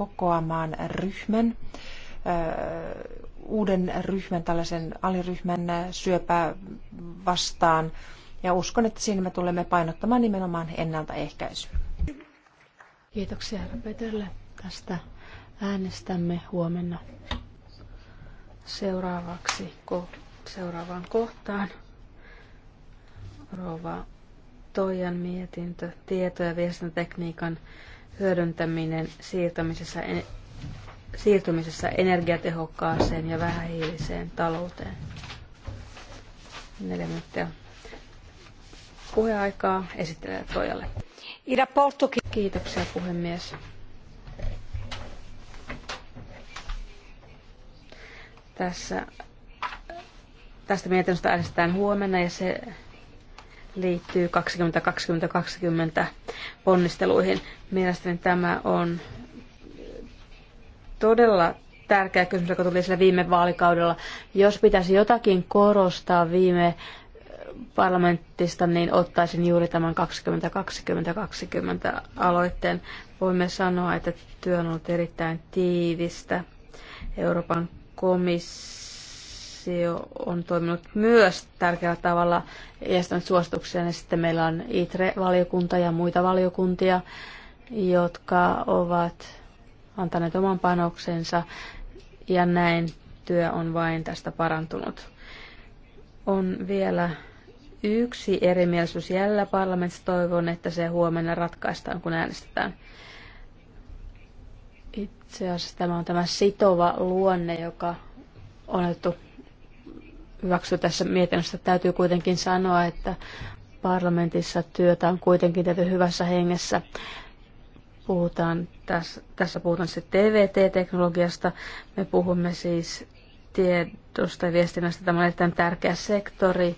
kokoamaan ryhmän, uuden ryhmän, tällaisen aliryhmän syöpää vastaan. Ja uskon, että siinä me tulemme painottamaan nimenomaan ennaltaehkäisyä. Kiitoksia herra Peterille. Tästä äänestämme huomenna. Seuraavaksi ko- seuraavaan kohtaan. Rova Toijan mietintö, tieto- ja viestintätekniikan hyödyntäminen siirtämisessä, siirtymisessä energiatehokkaaseen ja vähähiiliseen talouteen. Neljä minuuttia puheaikaa esittelee Toijalle. Kiitoksia puhemies. Tässä, tästä mietinnöstä äänestetään huomenna ja se liittyy 2020-2020 ponnisteluihin. Mielestäni tämä on todella tärkeä kysymys, joka tuli sillä viime vaalikaudella. Jos pitäisi jotakin korostaa viime äh, parlamentista, niin ottaisin juuri tämän 2020-2020 aloitteen. Voimme sanoa, että työ on ollut erittäin tiivistä. Euroopan komissio komissio on toiminut myös tärkeällä tavalla jästänyt suosituksia, ja niin sitten meillä on ITRE-valiokunta ja muita valiokuntia, jotka ovat antaneet oman panoksensa, ja näin työ on vain tästä parantunut. On vielä yksi erimielisyys jäljellä parlamentissa. Toivon, että se huomenna ratkaistaan, kun äänestetään. Itse asiassa tämä on tämä sitova luonne, joka on otettu hyväksytty tässä mietinnössä. Täytyy kuitenkin sanoa, että parlamentissa työtä on kuitenkin tehty hyvässä hengessä. Puhutaan, tässä, tässä puhutaan se TVT-teknologiasta. Me puhumme siis tiedosta ja viestinnästä. Tämä on erittäin tärkeä sektori,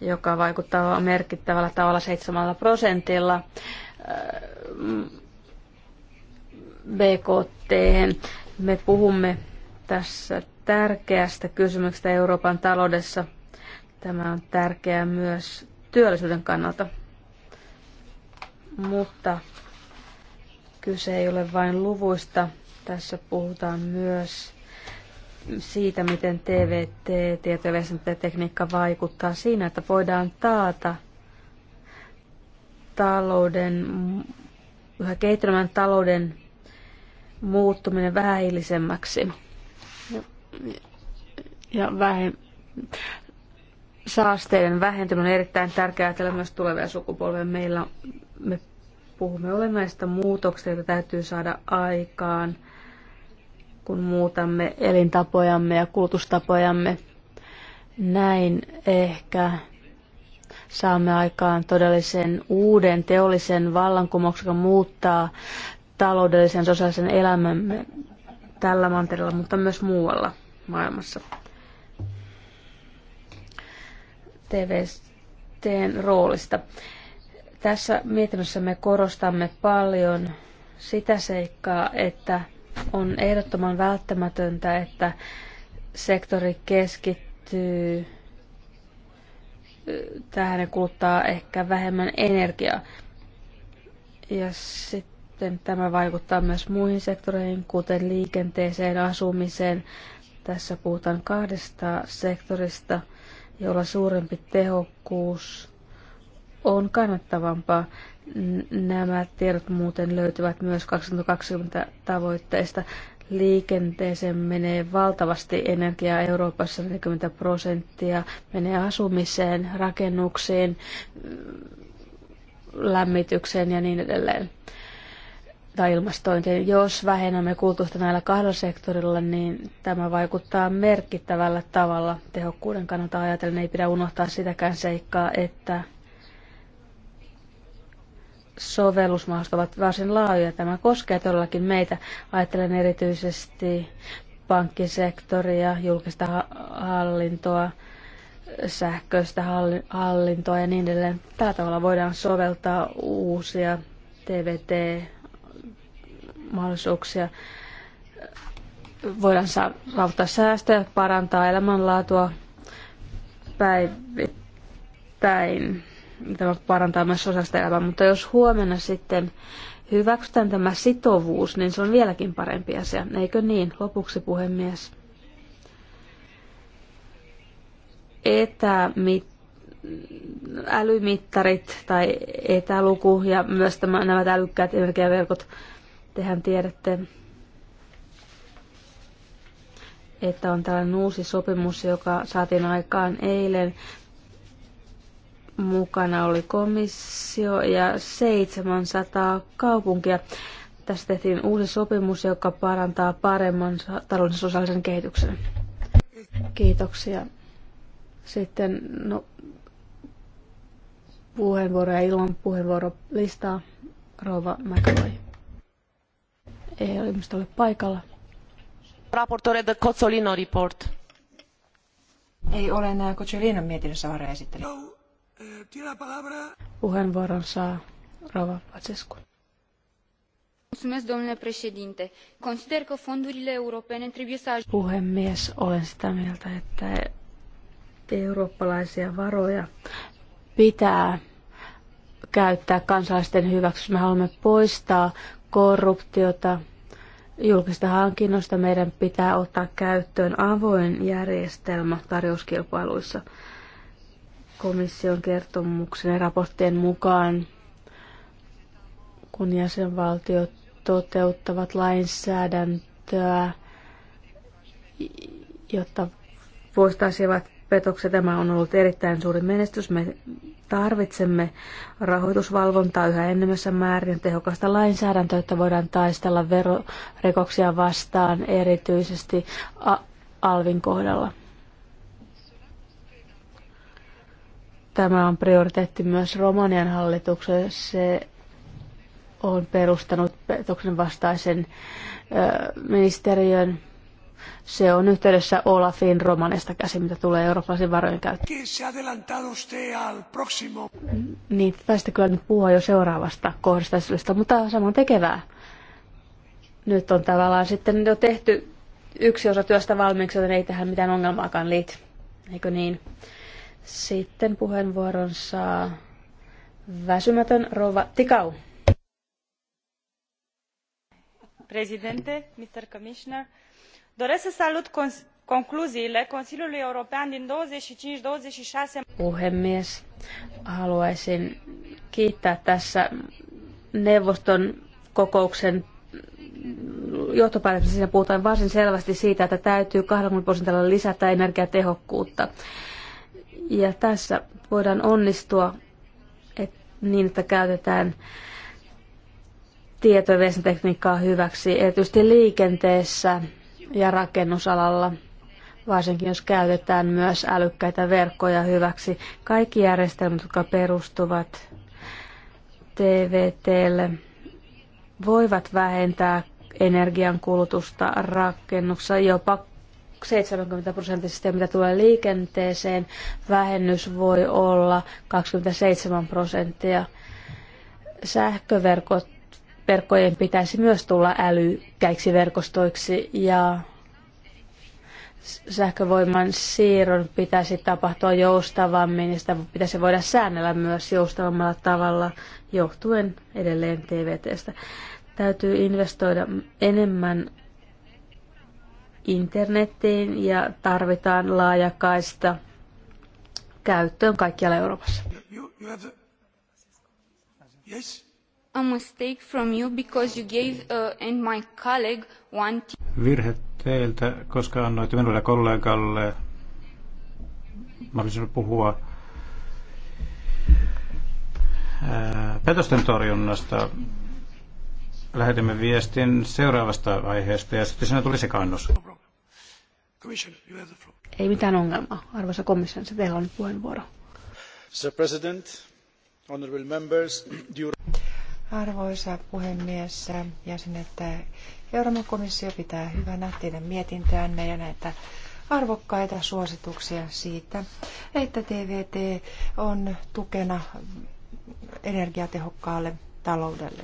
joka vaikuttaa merkittävällä tavalla 7 prosentilla äh, BKT. Me puhumme tässä tärkeästä kysymyksestä Euroopan taloudessa. Tämä on tärkeää myös työllisyyden kannalta. Mutta kyse ei ole vain luvuista. Tässä puhutaan myös siitä, miten TVT, tieto- ja tekniikka vaikuttaa siinä, että voidaan taata talouden, yhä kehittämään talouden muuttuminen vähähiilisemmäksi ja vähem, saasteiden vähentäminen on erittäin tärkeää ajatella myös tulevia sukupolvia. Meillä me puhumme olennaista muutoksista, joita täytyy saada aikaan, kun muutamme elintapojamme ja kulutustapojamme. Näin ehkä saamme aikaan todellisen uuden teollisen vallankumouksen, joka muuttaa taloudellisen sosiaalisen elämämme tällä mantereella, mutta myös muualla maailmassa. TVTn roolista. Tässä mietinnössä me korostamme paljon sitä seikkaa, että on ehdottoman välttämätöntä, että sektori keskittyy äh, tähän ja kuluttaa ehkä vähemmän energiaa. Ja sitten sitten tämä vaikuttaa myös muihin sektoreihin, kuten liikenteeseen, asumiseen. Tässä puhutaan kahdesta sektorista, jolla suurempi tehokkuus on kannattavampaa. Nämä tiedot muuten löytyvät myös 2020 tavoitteista. Liikenteeseen menee valtavasti energiaa Euroopassa, 40 prosenttia menee asumiseen, rakennuksiin, lämmitykseen ja niin edelleen tai ilmastointi. Jos vähennämme kulutusta näillä kahdella sektorilla, niin tämä vaikuttaa merkittävällä tavalla tehokkuuden kannalta ajatellen. Ei pidä unohtaa sitäkään seikkaa, että sovellusmahdollisuudet ovat varsin laajoja. Tämä koskee todellakin meitä. Ajattelen erityisesti pankkisektoria, julkista hallintoa, sähköistä hallintoa ja niin edelleen. Tällä tavalla voidaan soveltaa uusia TVT mahdollisuuksia. Voidaan saavuttaa säästöjä, parantaa elämänlaatua päivittäin. Tämä parantaa myös osasta elämää, mutta jos huomenna sitten hyväksytään tämä sitovuus, niin se on vieläkin parempi asia. Eikö niin? Lopuksi puhemies. mit älymittarit tai etäluku ja myös tämä, nämä älykkäät energiaverkot Tehän tiedätte, että on tällainen uusi sopimus, joka saatiin aikaan eilen. Mukana oli komissio ja 700 kaupunkia. Tässä tehtiin uusi sopimus, joka parantaa paremman taloudellisen sosiaalisen kehityksen. Kiitoksia. Sitten no, ja ilman puheenvuorolistaa. Rova McAvoy ei ilmeisesti ole paikalla. Raportore the Cozzolino report. Ei ole enää Cozzolinon mietinnössä varjoesittely. No, eh, Puheenvuoron saa Rova Pacescu. Consider că fondurile europene trebuie să ajungă... Puhemies, olen sitä mieltä, että eurooppalaisia varoja pitää käyttää kansalaisten hyväksi. Me haluamme poistaa korruptiota julkista hankinnoista, meidän pitää ottaa käyttöön avoin järjestelmä tarjouskilpailuissa. Komission kertomuksen ja raporttien mukaan, kun jäsenvaltiot toteuttavat lainsäädäntöä, jotta voistaisivat petoksia. Tämä on ollut erittäin suuri menestys. Me tarvitsemme rahoitusvalvontaa yhä enemmässä määrin tehokasta lainsäädäntöä, että voidaan taistella verorekoksia vastaan erityisesti alvin kohdalla. Tämä on prioriteetti myös Romanian hallituksessa. Se on perustanut petoksen vastaisen ministeriön se on yhteydessä Olafin romanista käsi, mitä tulee eurooppalaisen varojen käyttöön. Niin, tästä kyllä nyt puhua jo seuraavasta kohdasta, syystä, mutta saman tekevää. Nyt on tavallaan sitten jo tehty yksi osa työstä valmiiksi, joten ei tähän mitään ongelmaakaan liity. Eikö niin? Sitten puheenvuoron saa väsymätön rova Tikau. Presidente, Mr. Commissioner, doresc să salut concluziile consiliului european din 25 26 puhemies haluaisin kiittää tässä neuvoston kokouksen johtopäätöksessä puhutaan varsin selvästi siitä, että täytyy 20 prosentilla lisätä energiatehokkuutta. Ja tässä voidaan onnistua et, niin, että käytetään tieto- ja hyväksi, erityisesti liikenteessä ja rakennusalalla, varsinkin jos käytetään myös älykkäitä verkkoja hyväksi. Kaikki järjestelmät, jotka perustuvat TVTlle, voivat vähentää energiankulutusta rakennuksessa jopa 70 prosenttisesti mitä tulee liikenteeseen, vähennys voi olla 27 prosenttia. Sähköverkot verkkojen pitäisi myös tulla älykkäiksi verkostoiksi ja sähkövoiman siirron pitäisi tapahtua joustavammin ja sitä pitäisi voida säännellä myös joustavammalla tavalla johtuen edelleen TVTstä. Täytyy investoida enemmän internettiin ja tarvitaan laajakaista käyttöön kaikkialla Euroopassa. You, you the... yes? a mistake from you because you gave uh, and my colleague one Virhe teiltä, koska annoitte minulle kollegalle mahdollisuuden puhua petosten torjunnasta. Lähetimme viestin seuraavasta aiheesta ja sitten siinä tuli se kannus. Ei mitään ongelmaa. Arvoisa komission, se teillä on puheenvuoro. Sir President, honorable members, Arvoisa puhemies, jäsenet, Euroopan komissio pitää hyvänä teidän mietintöänne ja näitä arvokkaita suosituksia siitä, että TVT on tukena energiatehokkaalle taloudelle.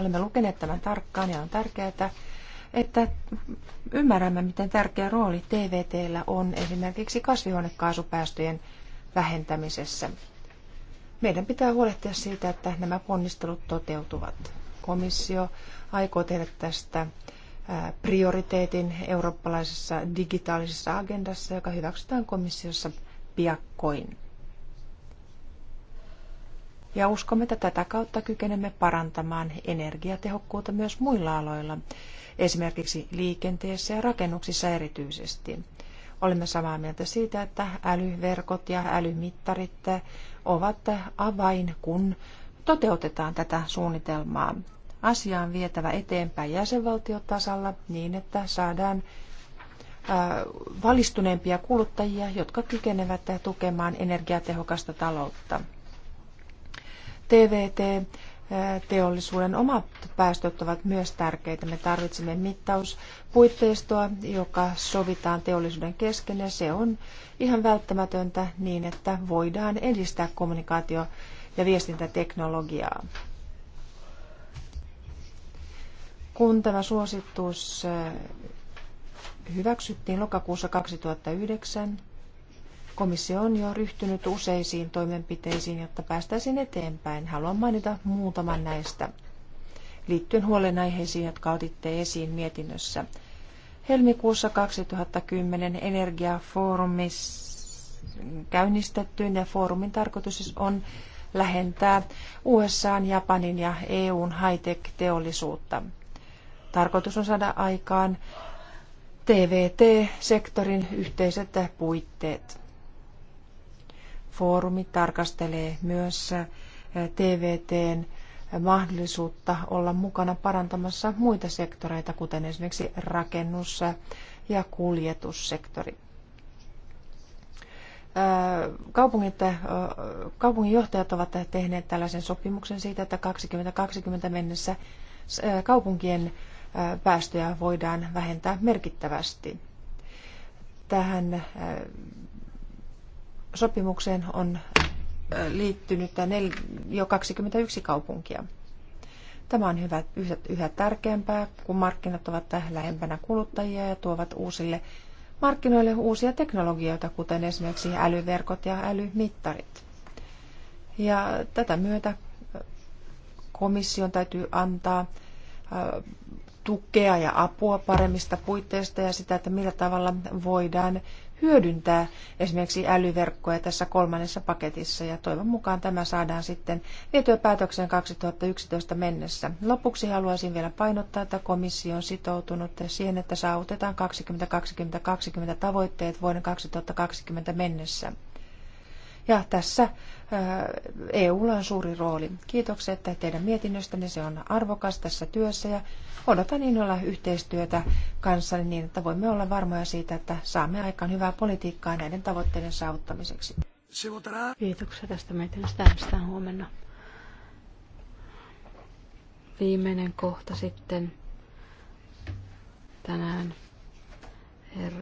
Olemme lukeneet tämän tarkkaan ja on tärkeää, että ymmärrämme, miten tärkeä rooli TVTllä on esimerkiksi kasvihuonekaasupäästöjen vähentämisessä. Meidän pitää huolehtia siitä, että nämä ponnistelut toteutuvat. Komissio aikoo tehdä tästä prioriteetin eurooppalaisessa digitaalisessa agendassa, joka hyväksytään komissiossa piakkoin. Ja uskomme, että tätä kautta kykenemme parantamaan energiatehokkuutta myös muilla aloilla, esimerkiksi liikenteessä ja rakennuksissa erityisesti. Olemme samaa mieltä siitä, että älyverkot ja älymittarit ovat avain, kun toteutetaan tätä suunnitelmaa. Asia on vietävä eteenpäin jäsenvaltiotasalla niin, että saadaan valistuneempia kuluttajia, jotka kykenevät tukemaan energiatehokasta taloutta. TVT teollisuuden omat päästöt ovat myös tärkeitä. Me tarvitsemme mittauspuitteistoa, joka sovitaan teollisuuden kesken ja se on ihan välttämätöntä niin, että voidaan edistää kommunikaatio- ja viestintäteknologiaa. Kun tämä suositus hyväksyttiin lokakuussa 2009, Komissio on jo ryhtynyt useisiin toimenpiteisiin, jotta päästäisiin eteenpäin. Haluan mainita muutaman näistä liittyen huolenaiheisiin, jotka otitte esiin mietinnössä. Helmikuussa 2010 energiafoorumissa käynnistettyyn ja foorumin tarkoitus siis on lähentää USA, Japanin ja EUn high-tech-teollisuutta. Tarkoitus on saada aikaan TVT-sektorin yhteiset puitteet foorumi tarkastelee myös TVTn mahdollisuutta olla mukana parantamassa muita sektoreita, kuten esimerkiksi rakennus- ja kuljetussektori. Kaupungit, kaupunginjohtajat ovat tehneet tällaisen sopimuksen siitä, että 2020 mennessä kaupunkien päästöjä voidaan vähentää merkittävästi. Tähän sopimukseen on liittynyt jo 21 kaupunkia. Tämä on hyvä, yhä, yhä tärkeämpää, kun markkinat ovat lähempänä kuluttajia ja tuovat uusille markkinoille uusia teknologioita, kuten esimerkiksi älyverkot ja älymittarit. Ja tätä myötä komission täytyy antaa tukea ja apua paremmista puitteista ja sitä, että millä tavalla voidaan hyödyntää esimerkiksi älyverkkoja tässä kolmannessa paketissa ja toivon mukaan tämä saadaan sitten vietyä päätökseen 2011 mennessä. Lopuksi haluaisin vielä painottaa, että komissio on sitoutunut siihen, että saavutetaan 2020-2020 tavoitteet vuoden 2020 mennessä. Ja tässä EUlla on suuri rooli. Kiitokset teidän mietinnöstänne, se on arvokas tässä työssä ja odotan innolla yhteistyötä kanssani niin, että voimme olla varmoja siitä, että saamme aikaan hyvää politiikkaa näiden tavoitteiden saavuttamiseksi. Kiitoksia tästä mietinnöstä äänestetään huomenna. Viimeinen kohta sitten tänään. Herra.